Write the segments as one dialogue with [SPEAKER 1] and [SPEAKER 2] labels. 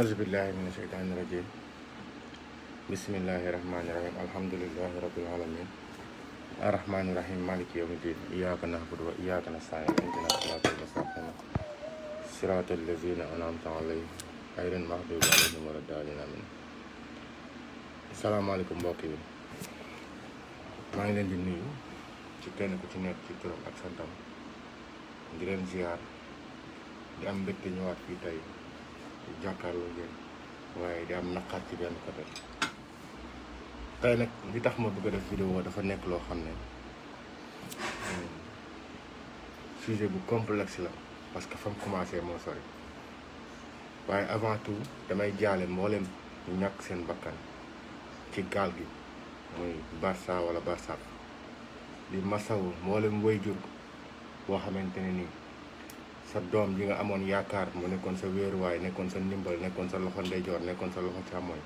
[SPEAKER 1] Auzubillahiminasyaitanirrajim Bismillahirrahmanirrahim Alhamdulillahirrabbilalamin Ar-Rahmanirrahim Maliki yawmiddin Iyaka nahbudu wa iyaka nasta'in Ihdina siratal mustaqim Siratal ladzina an'amta 'alaihim ghairil maghdubi 'alaihim waladdallin amin Assalamualaikum mbokk yi maa ngi leen di nuyu ci kenn ku ci nekk ci turam ak santam di leen ziar di am mbégte ñëwaat fii jàkkaarloo ngeen waaye di am naqar ci benn côté tey nag li tax ma bëgg a def vidéo dafa nekk loo xam ne hmm, sujet bu complex la parce que fa commencé moo sori waaye avant tout damay jaale mboolem ñu ñàkk seen bakkan ci gaal gi muy Barça wala Barça li masawu mboolem way jur boo xamante ne nii sa doom ji nga amoon yaakaar mu nekkoon sa wéeruwaay nekkoon sa ndimbal nekkoon sa loxo ndeyjoor nekkoon sa loxo càmmoñ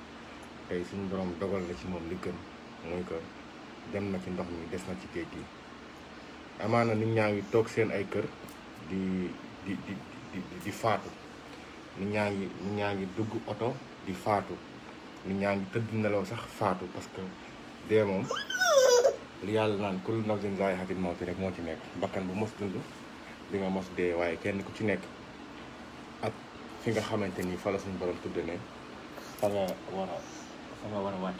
[SPEAKER 1] tey suñu borom dogal na ci moom li gën mooy que dem na ci ndox mi des na ci géej gi amaana nit ñaa ngi toog seen ay kër di di di di faatu ñaa ngi ñaa ngi dugg oto di faatu nit ñaa ngi tëdd nelaw sax faatu parce que dee moom li yàlla naan kullu nafsin zaa'iqatul mawti rek moo ci nekk bakkan bu mos tund di nga mos dee waaye kenn ku ci nekk ak fi nga xamante ni fa suñ suñu borom tudde ne fa nga war a fa nga war a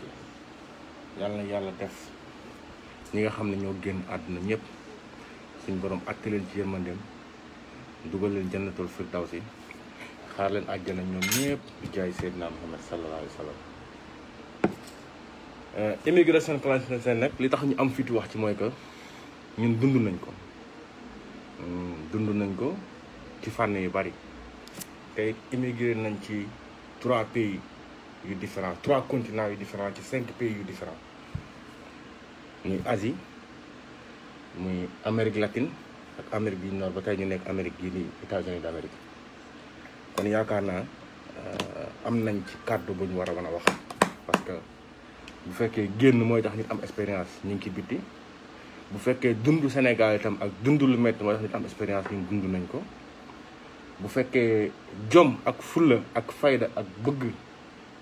[SPEAKER 1] yàlla yàlla def ñi nga xam ne ñoo génn àdduna ñëpp suñ borom àtte leen ci yërmandeem dugal leen jannatul si xaar leen ak àjjana ñoom ñëpp jaay Seydina Muhammad sallallahu alayhi wa sallam euh, immigration seen nag li tax ñu am fitu wax ci mooy que ñun dund nañ ko Mm, dundu nañ ko ci fànn yu bari tey immigré nañ ci trois pays yu différents trois continents yu différents ci cinq pays yu différents muy asi muy Amérique latine ak Amérique du Nord ba tey ñu nekk Amérique gii nii États-Unis d'Amérique kon yaakaar naa euh, am nañ ci kàddu bu ñu war a mën a wax parce que bu fekkee génn mooy tax nit am expérience ñu ngi ci bitti. bu fekkee dund Sénégal itam ak dundu lu métti moo tax ñu am expérience ñun dund nañ ko bu fekkee jom ak fulla ak fayda ak bëgg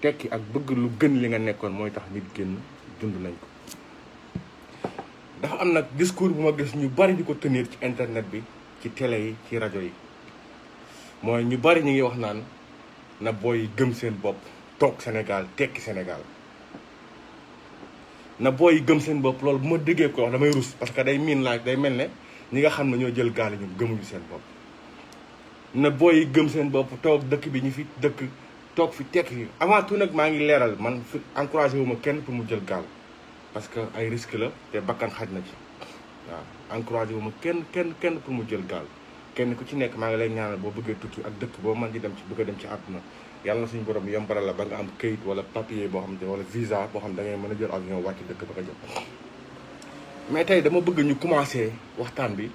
[SPEAKER 1] tekki ak bëgg lu gën li nga nekkoon mooy tax nit génn dund nañ ko ndax am nag discours bu ma gis ñu bari di ko tëniir ci internet bi ci télé yi ci rajo yi mooy ñu bari ñu ngi wax naan na booy gëm seen bopp toog Sénégal tekki Sénégal na booy gëm seen bopp loolu bu ma déggee ko wax damay rus parce que day miin laaj day mel ne ñi nga xam ne ñoo jël gaal ñoom gëmuñu seen bopp booy gëm seen bopp toog dëkk bi ñu fi dëkk toog fi tekk yi avant tout nag maa ngi leeral man fi encouragé wu ma kenn pour mu jël gaal parce que ay risque la te bakkan xaj na ci waaw encouragé wu ma kenn kenn kenn pour mu jël gaal kenn ku ci nekk maa ngi lay ñaanal boo bëggee tukki ak dëkk boo mën di dem ci bëgg dem ci àdduna yàlla suñu borom yombalal la ba nga am kayit wala papier boo xam ne wala visa boo xam ne da ngay mën a jël avion wàcc dëkk ba nga jëm mais tey dama bëgg ñu commencé waxtaan bi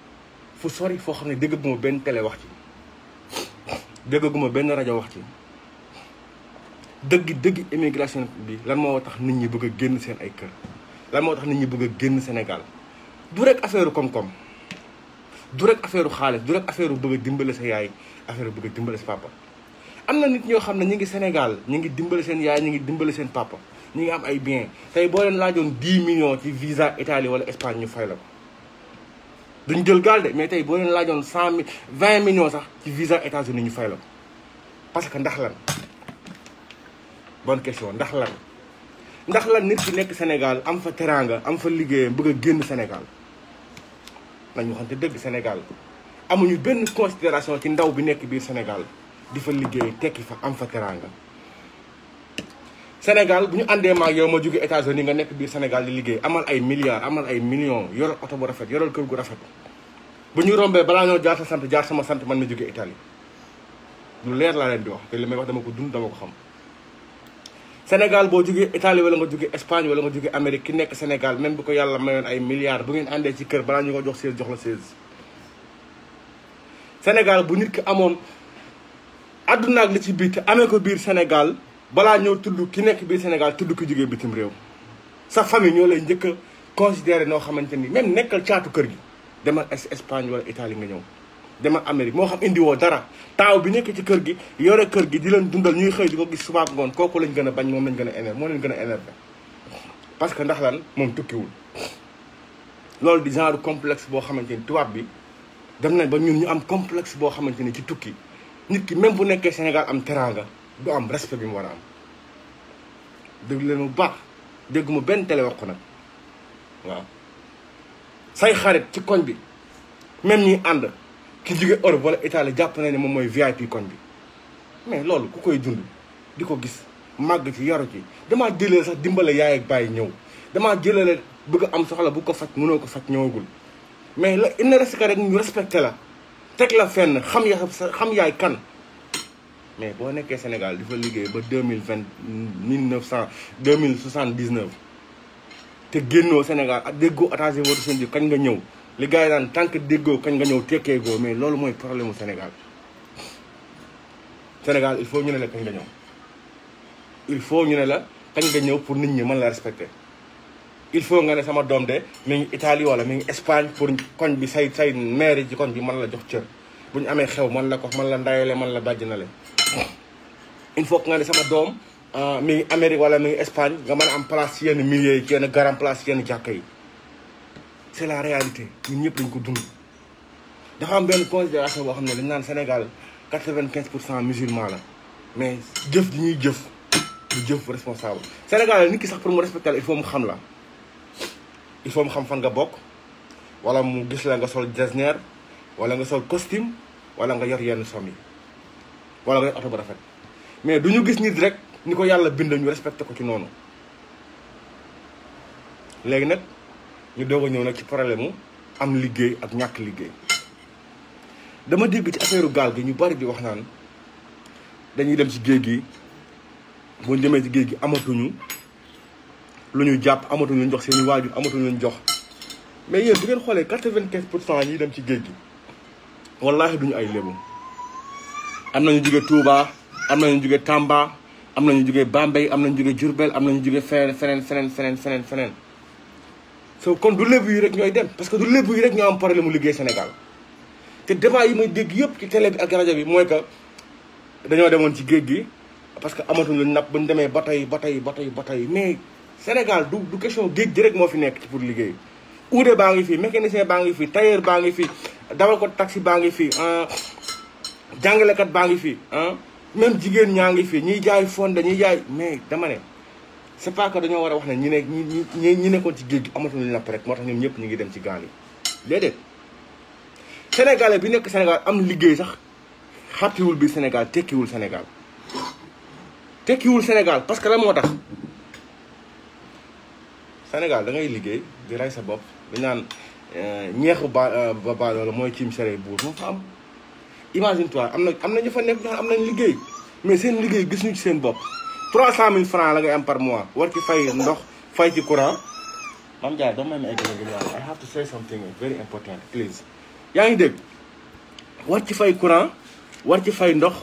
[SPEAKER 1] fu sori foo xam ne déggaguma benn tele wax ci déggaguma benn rajo wax ci dëgg dëgg immigration bi lan moo tax nit ñi bëgg a génn seen ay kër lan moo tax nit ñi bëgg génn Sénégal du rek affaire koom-koom du rek affaire xaalis du rek affaire bëgg a dimbale sa yaay affaire bëgg dimbale sa papa. am na nit ñoo xam ne ñu ngi Sénégal ñu ngi dimbali seen yaay ñu ngi dimbali seen papa ñu ngi am ay bien tey boo leen laajoon 10 millions ci visa Italie wala Espagne ñu fay la ko. duñ jël gaal de mais tey boo leen laajoon cent mille vingt millions sax ci visa États-Unis ñu fay la ko parce que ndax lan bonne question ndax la ndax lan nit ki nekk Sénégal am fa teraanga am fa liggéeyam bëgg a génn Sénégal nañu waxante dëgg Sénégal amuñu benn considération ci ndaw bi nekk biir Sénégal. di fa liggéey tekki fa am fa teranga Sénégal bu ñu àndee maag yow ma jóge États-Unis nga nekk biir Sénégal di liggéey amal ay milliards amal ay millions yoral oto bu rafet yoral kër gu rafet bu ñu rombee balaa ñoo jaar sa sant jaar sama sant man ma jóge Italie lu leer laa leen di wax te li may wax dama ko dund dama ko xam Sénégal boo jugee Italie wala nga jóge Espagne wala nga jóge Amérique ki nekk Sénégal même bu ko yàlla mayoon ay milliards bu ngeen àndee ci kër balaa ñu ko jox 16 jox la 16 Sénégal amoon àdduna ak li ci biir te amee ko biir Sénégal balaa ñëw tudd ki nekk biir Sénégal tudd ko jógee bitim réew sa famille ñoo lay njëkk a considéré noo xamante ni même nekkal caatu kër gi demal Espagne wala Italie nga ñëw demal Amérique moo xam indiwoo dara taaw bi nekk ci kër gi yore kër gi di leen dundal ñuy xëy di ko gis subaab ngoon kooku lañ gën a bañ moom lañ gën a énervé moo leen gën parce que ndax lan moom tukkiwul loolu di genre complexe boo xamante ni tubaab bi dem nañ ba ñun ñu am complexe boo xamante ni ci tukki nit ki même bu nekkee Sénégal am teraanga du am respect bi mu war a am dégg leen bu baax déggu ma benn télé wax ko nag waaw say xarit ci koñ bi même ñi ànd ki jóge Europe wala Italie jàpp na ne moom mooy VIP koñ bi mais loolu ku koy dund di ko gis màgg ci yaru ci damaa jëlee sax dimbale yaay ak bàyyi ñëw damaa jëlee bëgg am soxla bu ko faj mënoo ko faj ñëwagul mais la il ne reste que rek ñu respecté la tek la fenn xam ya xam yaay kan mais boo nekkee Sénégal di fa liggéey ba 2020 1900 2079 te génnoo Sénégal ak ah, déggoo attaché votre seen ji kañ nga ñëw li gars yi daan tant que déggoo kañ nga ñëw tekkee goo mais loolu mooy problème mu Sénégal Sénégal il faut ñu ne la kañ nga ñëw il faut ñu ne la kañ nga ñëw pour nit ñi mën la respecter il faut nga ne sama doom de mi ngi Italie wala mi ngi Espagne pour koñ bi say say maire ji koñ bi mën la jox cër bu ñu amee xew man la ko man la ndayale man la bàjjinale il faut que nga ne sama doom ah, mi ngi Amérique wala mi ngi Espagne nga mën a am place yenn milieu yi yenn garan place yenn jàkk yi c'est la réalité ñun ñëpp dañ ko dund dafa am benn considération boo xam ne dañ naan Sénégal quatre-vingt-quinze pour cent musulman la mais jëf di ñuy jëf du jëf responsable Sénégal nit ki sax pour mu respecter il faut mu xam la il mu xam fan nga bokk wala mu gis la nga sol jasneer wala nga sol costume wala nga yor yenn som yi wala nga yor oto bu rafet mais du ñu gis nit rek ni ko yàlla bind ñu respecté ko ci noonu léegi nag ñu doog a ñëw nag ci problème mu am liggéey ak ñàkk liggéey dama dégg ci affaire gaal gi ñu bari di wax naan dañuy dem ci géej gi bu ñu demee ci géej gi amatuñu lu ñu jàpp amatuñu ñu jox seen i waajur amatuñu jox mais yéen bu ngeen xoolee quatre-vingt-quinze pour cent yi dem ci géej gi wallaahi duñu ay lébu am nañu jóge Touba am na ñu jóge Tamba am nañu jóge Bambey am nañu jóge Diourbel am nañu jóge feneen feneen feneen feneen feneen feneen so kon du lébu yi rek ñooy dem parce que du lébu yi rek ñoo am problème mu liggéey Sénégal te débat yi may dégg yëpp ci télé ak rajo bi mooy que dañoo demoon ci géej gi parce que amatuñu lu napp ba ñu demee ba tey ba tey ba tey ba tey mais Sénégal du du question géej gi rek moo fi nekk pour liggéey uude baa ngi fi mécanicien baa ngi fi tailleur baa ngi fi dawal ko taxi baa ngi fi jàngalekat baa ngi fi même jigéen ñaa ngi fi ñuy jaay fonde ñiy jaay mais dama ne c'est pas dañoo war a wax ne ñi ne ñi ñi nekkoon ci géej gi amatuñu lu napp rek moo tax ñoom ñëpp ñu ngi dem ci gaal yi déedéet sénégalais bi nekk Sénégal am liggéey sax xàppiwul bi Sénégal tekkiwul Sénégal tekkiwul Sénégal parce que la moo tax Sénégal da ngay liggéey di rey sa bopp di naan euh, ñeexu ba euh, ba baadoola mooy ciim sere buur moo fa am imagine toi am na am na ñu fa nekk am nañ liggéey mais seen liggéey gis ñu ci seen bopp trois cent mille francs la ngay am par mois war ci fay ndox fay ci courant Mame Ndiaye doo may ma egg I have to say something very important please yaa ngi dégg war ci fay courant war ci fay ndox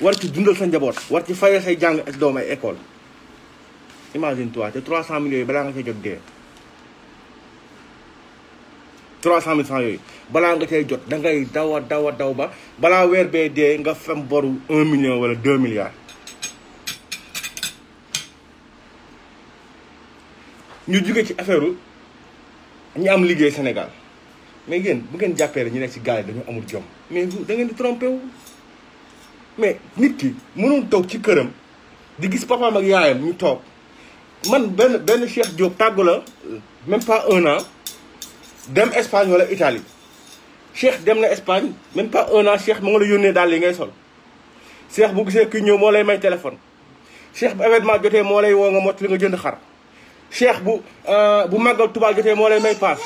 [SPEAKER 1] war ci dundal sa njaboot war ci fayal say jàng ak doom ay école imagine toi te 300 mille yooyu balaa nga cee jot dee 300 yooyu balaa nga cee jot da ngay daw a daw a daw ba balaa weer bee dee nga fem boru 1 million wala 2 milliards. ñu jóge ci affaire ñu am liggéey Sénégal mais ngeen bu ngeen jàppee rek ñu nekk ci gaal yi dañu amul jom mais da ngeen di trompé mais nit ki mënoon toog ci këram di gis papaam ak yaayam ñu toog. man benn benn Cheikh Diop tàggu la même pas un an dem Espagne wala Italie Cheikh dem na Espagne même pas un an Cheikh moo ngi la yónnee daal li ngay sol Cheikh bu gisee kii ñëw moo lay may téléphone Cheikh bu événement jotee moo lay woo nga mot li nga jënd xar Cheikh bu euh, bu màggal Tuubaa jotee moo lay may paas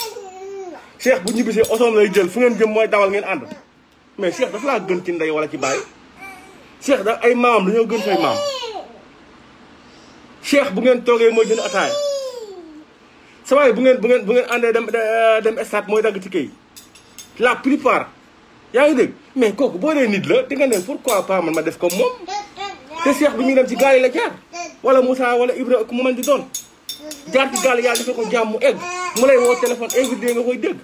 [SPEAKER 1] Cheikh bu ñibbisee osoom lay jël fu ngeen jëm mooy dawal ngeen ànd mais Cheikh dafa laa gën ci ndey walla ci bàyyi Cheikh da ay maam dañoo gën say maam cheikh bu ngeen toogee mooy jënd ataaya sama bu ngeen bu ngeen bu ngeen àndee dem euh, dem stade mooy dagg ticket yi la plupart yaa ngi dégg mais kooku boo dee nit la di nga pour quoi pas man ma def ko moom te cheikh bi ñuy dem si gaal yi la jaar wala Moussa wala Ibra ku mu mën di doon jaar ci gaal yàlla defee ko jàmm mu egg mu lay woo téléphone invité nga koy dégg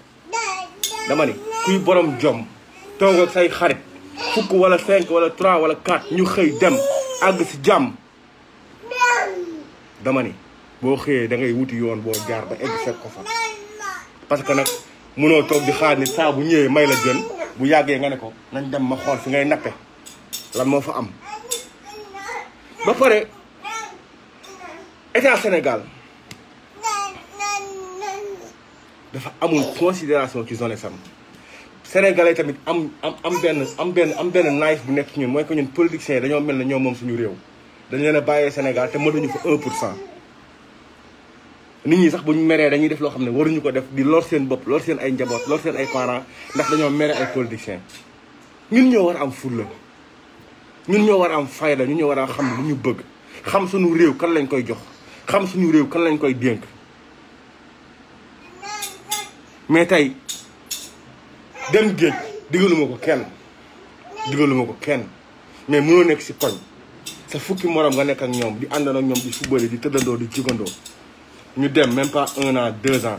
[SPEAKER 1] dama ne kuy borom jom toog say xarit fukk wala cinq wala trois wala quatre ñu xëy dem àgg si jàmm dama ni boo xëyee dangay wuti yoon boo jaar ba egg fekk ko fa parce que nag munoo toog di xaar ni saa bu ñëwee may la jën bu yàggee nga ne ko nañ dem ma xool fi ngay nappe lan moo fa am ba pare état Sénégal dafa amul considération ci zone sam sénégalais tamit am am am benn am benn am benn naïf bu nekk ci ñun mooy que ñun politiciens yi dañoo mel ne ñoom moom suñu réew dañ leen a bàyyee Sénégal te mënuñu fa 1 pour cent nit ñi sax bu ñu meree dañuy def loo xam ne waruñu ko def di lor seen bopp lool seen ay njaboot lor seen ay parents ndax dañoo mere ay politiciens ñun ñoo war am fulla ñun ñoo war am fayda ñun ñoo war a xam lu ñu bëgg xam suñu réew kan lañ koy jox xam suñu réew kan lañ koy dénk mais tey dem géej digaluma ko kenn digaluma ko kenn mais mënoo nekk ci koñ sa fukki morom nga nekk ak ñoom di àndandoo ak ñoom di fubali di tëddandoo di jugandoo ñu dem même pas un an deux ans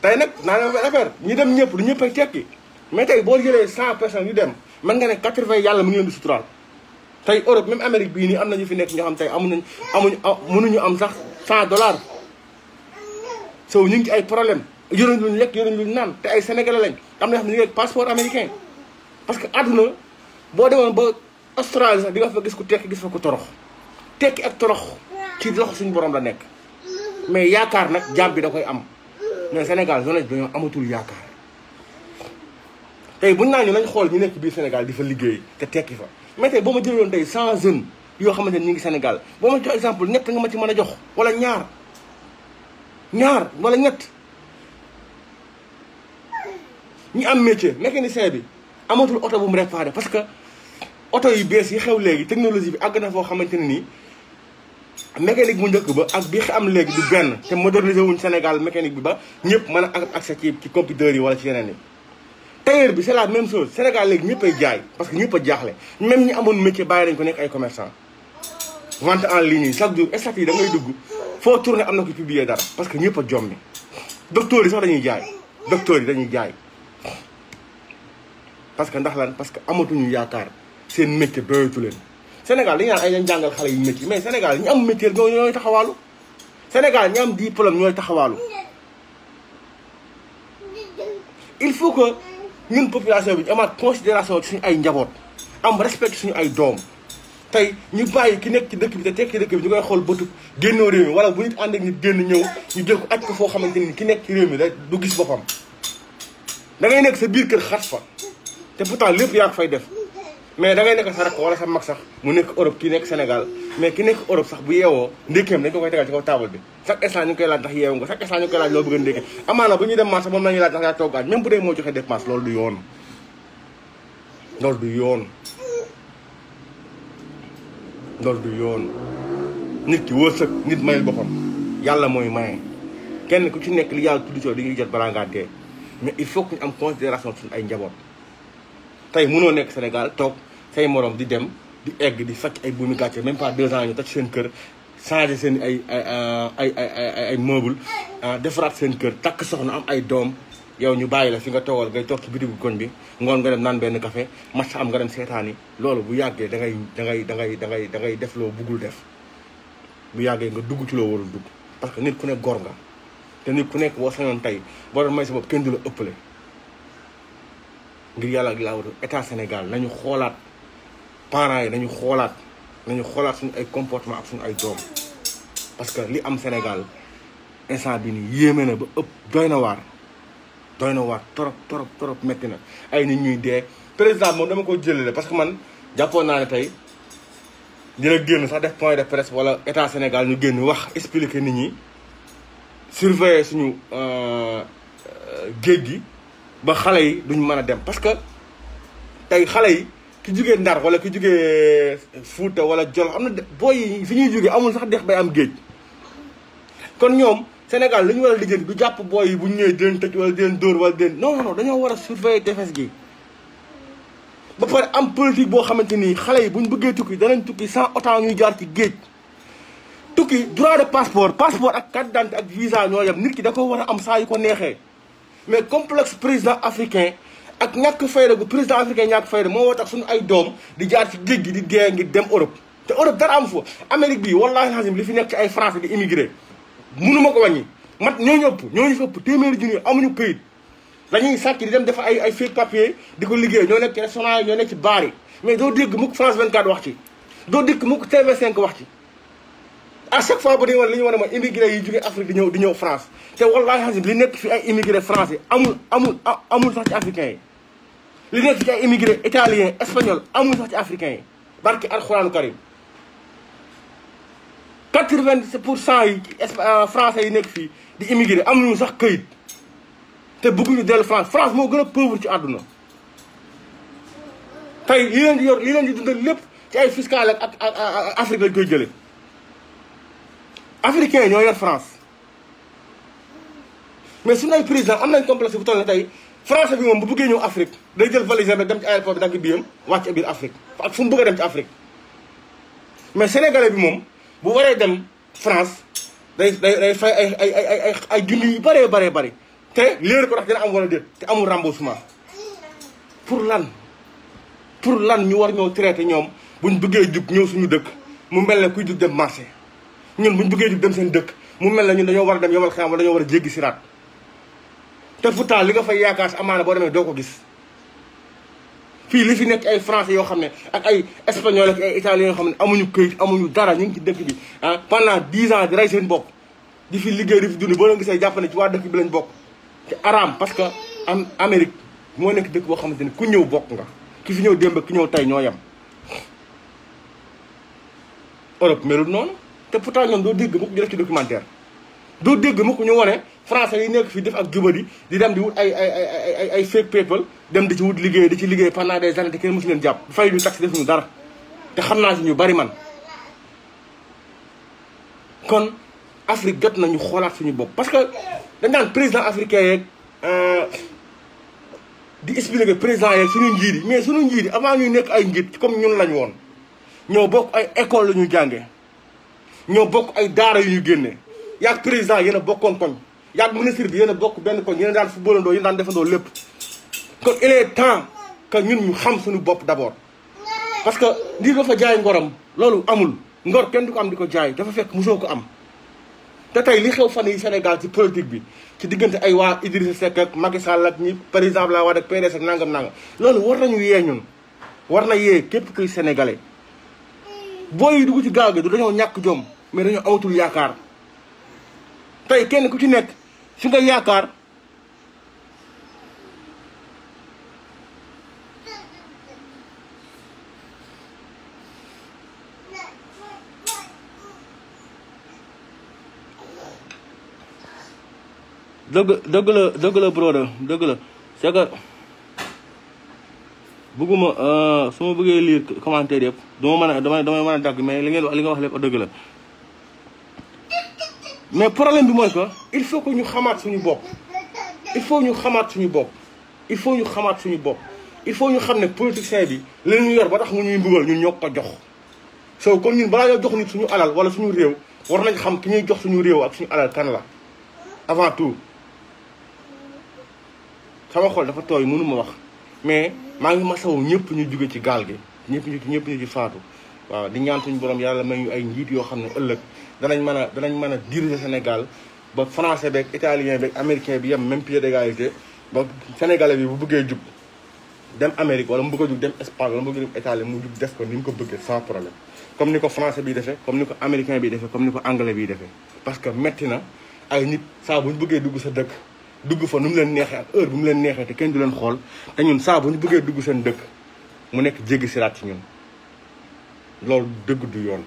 [SPEAKER 1] tey nag naa leen ñu dem ñëpp du ñëpp a tekki mais tey boo jëlee cent personnes yu dem mën nga ne quatre-vingts yàlla mu ngi leen di suturaal tey Europe même Amérique bii nii am na ñu fi nekk ñoo xam tey amuñu amuñu mënuñu am sax cent dollars so ñu ngi ci ay problème yoruñ luñ lekk yoruñ luñ naan te ay sénégalais lañ am na xam ne ñu ngi passeport américain parce que àdduna boo demoon ba Australie bi nga fa gis ku tekki gis fa ko torox tekki ak torox ci loxo suñu borom la nekk mais yaakaar nag jàmm bi da koy am mais Sénégal jeunesse bi dañoo amatul yaakaar tey buñ naa ñu nañ xool ñu nekk biir Sénégal di fa liggéey te tekki fa mais tey boo ma jëloon tey cent jeunes yoo xamante ni ñu ngi Sénégal boo ma jox exemple ñett nga ma ci mën a jox wala ñaar ñaar walla ñett ñi am métier mécanicien bi amatul oto bu mu réparé parce que oto yu bees yi xew léegi technologie bi àgg na foo xamante ne nii mécanique bu njëkk ba ak bi am léegi du benn te moderniser wuñ Sénégal mécanique bi ba ñëpp man a am accès ci ci yi wala ci yeneen yi. tailleur bi c'est la même Sénégal léegi ñëpp ay jaay parce que ñëpp a jaaxle même ñi amoon métier bàyyi nañ ko nekk ay commerçant vente en ligne yi chaque jour statu yi da ngay dugg foo tourné am na ko publier dara parce que ñëpp a jommi docteurs yi sax dañuy jaay docteurs yi dañuy jaay que ndax lan parce que amatuñu yaakaar. seen métier doyatu leen Sénégal dañu naan ay nañ jàngal xale yu métier mais Sénégal ñi am métier ñoo ñooy taxawaalu Sénégal ñi am diplôme ñooy taxawaalu il faut que ñun population bi ñu amaat considération ci suñu ay njaboot am respect suñu ay doom tey ñu bàyyi ki nekk ci dëkk bi te tekki dëkk bi ñu koy xool bëtu génnoo réew mi wala bu nit ànd ak nit génn ñëw ñu jël ko aj ko foo xamante ni ki nekk ci réew mi da du gis boppam da ngay nekk sa biir kër xat fa te pourtant lépp yaa ko fay def mais da ngay nekk sa rakk wala sa mag sax mu nekk Europe kii nekk Sénégal mais ki nekk Europe sax bu yeewoo ndékkeem dañ ko koy tegal ci kaw table bi chaque instant ñu koy laaj ndax yeewu nga chaque instant ñu koy laaj a ndékkee amaana bu ñuy dem marché moom loolu du yoon loolu du yoon nit ki wërsëg nit mayul boppam yàlla mooy maye kenn ku ci nekk li yàlla tudd soo di ngi jot balaa ngaa dee mais il faut que ñu am considération suñu ay njaboot tey mënoo nekk Sénégal toog say moroom di dem di egg di sàcc ay buumi gàcce même pas deux ans ñu toj seen kër changé seen ay ay ay ay ah, defaraat seen kër takk soxna am ay doom yow ñu bàyyi la fi nga toogal ngay toog ci bitigu koñ bi ngoon nga dem naan benn café match am nga dem seetaan yi bu yàggee da ngay da ngay da da ngay def loo buggul def bu yàggee nga dugg ci loo warul dugg parce que nit ku nekk gor nga te nit ku nekk boo sañoon tey boo doon may sa bopp kenn du la ëppale ngir yàlla ak laa état Sénégal nañu xoolaat parent yi nañu xoolaat nañu xoolaat suñu ay comportement ak suñu ay doom parce que li am Sénégal instant bi nii yéeme na ba ëpp doy na waar doy na waar trop trop trop métti na ay nit ñuy dee président moom dama ko jëlee parce que man jàppoon naa ne tey dina génn sax def point de presse wala état Sénégal ñu génn wax expliquer nit ñi surveiller suñu euh, euh, géej gi ba xale yi duñ mën a dem parce que tey xale yi ki jugee Ndar wala ki jugee Fuuta wala Jolof am na booy yi fi ñuy jógee amul sax dex bay am géej kon ñoom Sénégal li ñu war a di lijjanti du jàpp booy yi bu ñu ñëwee di leen tëj wala wala di leen dañoo war a surveiller tefes gi. ba pare am politique boo xamante ni xale yi bu ñu bëggee tukki danañ tukki sans autant ñuy jaar ci géej tukki droit de passeport passeport ak carte d'identité ak visa ñoo yem nit ki da ko war a am saa yu ko neexee. mais complexe président africain ak ñàkk fayda gu président africain ñàkk fayda moo woo tax suñu ay doom di jaar ci géej gi di dee ngir dem Europe te Europe dara am fa Amérique bi wallaahi xasim li fi nekk ci ay france di immigré mënuma ko wàññi mat ñooñu ëpp ñooñu fëpp téeméeri junni amuñu këyit dañuy sàcc di dem dafa ay ay fake papier di ko liggéey ñoo nekk ci restaurant yi ñoo nekk ci baar yi mais doo dégg mukk France 24 wax ci doo dégg mukk TV5 wax ci à chaque fois bu ñuy wan li ñu wane mooy immigré yi jóge Afrique di ñëw di ñëw France te wallaahi xasim fi ay immigré français amul amul amul sax ci yi li nekk fi ay immigré italien espagnol amul sax ci africain yi barki alxuraanu karim quatre-vingt pour cent yi euh, français yi nekk fii di immigré amuñu sax këyit te bëgguñu dellu France France moo gën a pauvre ci àdduna tey li leen di yor li leen di lépp ci ay fiscal ak ak Afrique lañ koy africains, ils sont France mais si on président am président, on a une complexe, français bi moom bu Afrique day jël valise dem ci aéroport bi Afrique Afrique mais sénégalais bi moom bu France day day ont ay ay ay ay ay ont ko tax dina remboursement pour lan pour lan ñu war ñoo traité ñoom buñ bëggee jug suñu dëkk mu mel ñun buñ buggee jub dem seen dëkk mu mel na ñu dañoo war a dem yomal xiyam wala dañoo war a jéggi siraat te pourtant li nga fay yaakaar si amaana boo demee doo ko gis fii li fi nekk ay français yoo xam ne ak ay espagnol ak ay italien yoo xam ne amuñu këyit amuñu dara ñu ngi ci dëkk bi ah pendant dix ans di rey seen bopp di fi liggéey di fi dund boo leen gisee jàpp ne ci waa dëkk bi lañ bokk te araam parce que am Amérique moo nekk dëkk boo xamante ni ku ñëw bokk nga ki fi ñëw démb ki ñëw tey ñoo yem Europe noonu te pourtant ñoom doo dégg mukk ñu def ci documentaire doo dégg mukk ñu wane français yi nekk fii def ak jubadi di dem di wut ay ay ay ay ay dem di ci wut liggéey di ci liggéey pendant des années te kenn mësu jàpp fay ñu tax def ñu dara te xam naa si ñu bari man kon Afrique jot nañu xoolaat suñu bopp parce que dañ naan président africain yeeg euh, di expliquer président yeeg suñu njiit yi mais suñu njiit yi avant ñuy nekk ay njiit comme ñun lañu woon ñoo bokk ay école la ñu jànge ñoo bokk ay daara yu ñu génne yaag président yéen a bokkoon koñ yaag ministre bi yéen a bokk benn koñ yéen a fu footballandoo yéen daan defandoo lépp kon il est temps que ñun ñu xam suñu bopp d'abord parce que lii dafa jaay ngorom loolu amul ngor kenn du ko am di ko jaay dafa fekk mosoo ko am te tey li xew fan yi Sénégal ci politique bi ci diggante ay waa Idrissa Seck ak Macky Sall ak ñi par exemple la waa ak PDS ak nangam nangam loolu war nañu yee ñun war na yee képp kuy sénégalais booy dugg ci gaaw gi du dañoo ñàkk jom mais dañoo amatul yaakaar tey kenn ku ci nekk si nga yaakaar dëgg dëgg la dëgg la brother dëgg la c'est bëgguma euh, su ma bëggee lire commentaire yëpp duma mën a damay damay mën a dagg mais li ngeen wax li nga wax lépp dëgg la mais problème bi mooy que il faut que ñu xamaat suñu bopp il faut ñu xamaat suñu bopp il faut ñu xamaat suñu bopp il faut ñu xam ne politicien bi li yor ba tax mu ñuy mbugal ñun ñoo ko jox soo ko ñun balaa ñoo jox nit suñu alal wala suñu réew war nañ xam ki ñuy jox suñu réew ak suñu alal kan la avant tout sama xol dafa tooy mënuma wax mais maa ngi masawu ñëpp ñu jóge ci gaal gi ñëpp ñu ñëpp ñu ci faatu waaw di ñaan suñu borom yàlla may ñu ay njiit yoo xam ne ëllëg danañ mën a danañ mën a diriger Sénégal ba français beeg italien beeg américain bi yem même pied d'égalité ba sénégalais bi bu buggee jub dem Amérique wala mu bëgg a jug dem Espagne wala mu bëgg dem Italie mu jug def ko ni mu ko bëggee sans problème comme ni ko français bi defee comme ni ko américain bi defee comme ni ko anglais bi defee que metti na ay nit saa bu ñu bëggee dugg sa dëkk dugg fa nu mu heure bu mu kenn du ñun bu ñu dugg seen dëkk mu nekk du yoon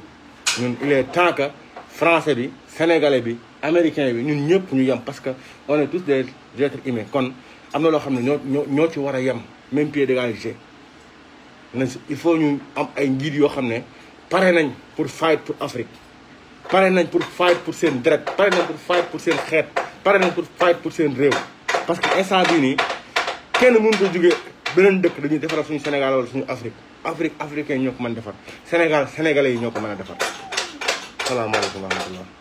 [SPEAKER 1] il est temps que français bi sénégalais bi américain bi ñun ñëpp ñu parce que on est tous des êtres humains kon am na loo xam ne ci même pied il faut ñu am ay njiit pour fight pour Afrique pare pour fight pour seen pour fight pour pare na pour fight pour seen réew parce que instant bi nii kenn mënu ko jógee beneen dëkk dañuy defaral suñu Sénégal suñu Afrique Afrique africain ñoo ko mën defar Sénégal sénégalais yi ñoo ko mën a defar salaamaaleykum wa rahmatullah